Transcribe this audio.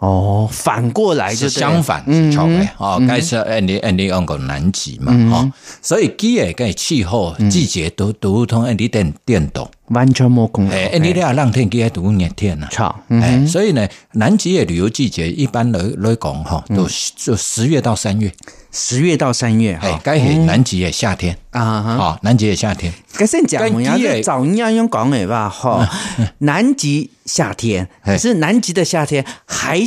哦，反過來就是相反，是 a n 哦，該是安尼安尼用南極嘛、嗯，所以氣候在氣候季節都，都都唔同，d 尼顛電倒，完全冇共。哎，安 d 咧，冷天佢係讀年天啦，差、嗯欸。所以呢，南極的旅遊季節一般來說都都講哈，就十月到三月，十月到三月哈。該係南極的夏天啊，哈，好，南極的夏天。該先講，我哋早啱用講的吧，哈。南極夏、uh -huh 哦夏，哦、 夏天，可是南極的夏天還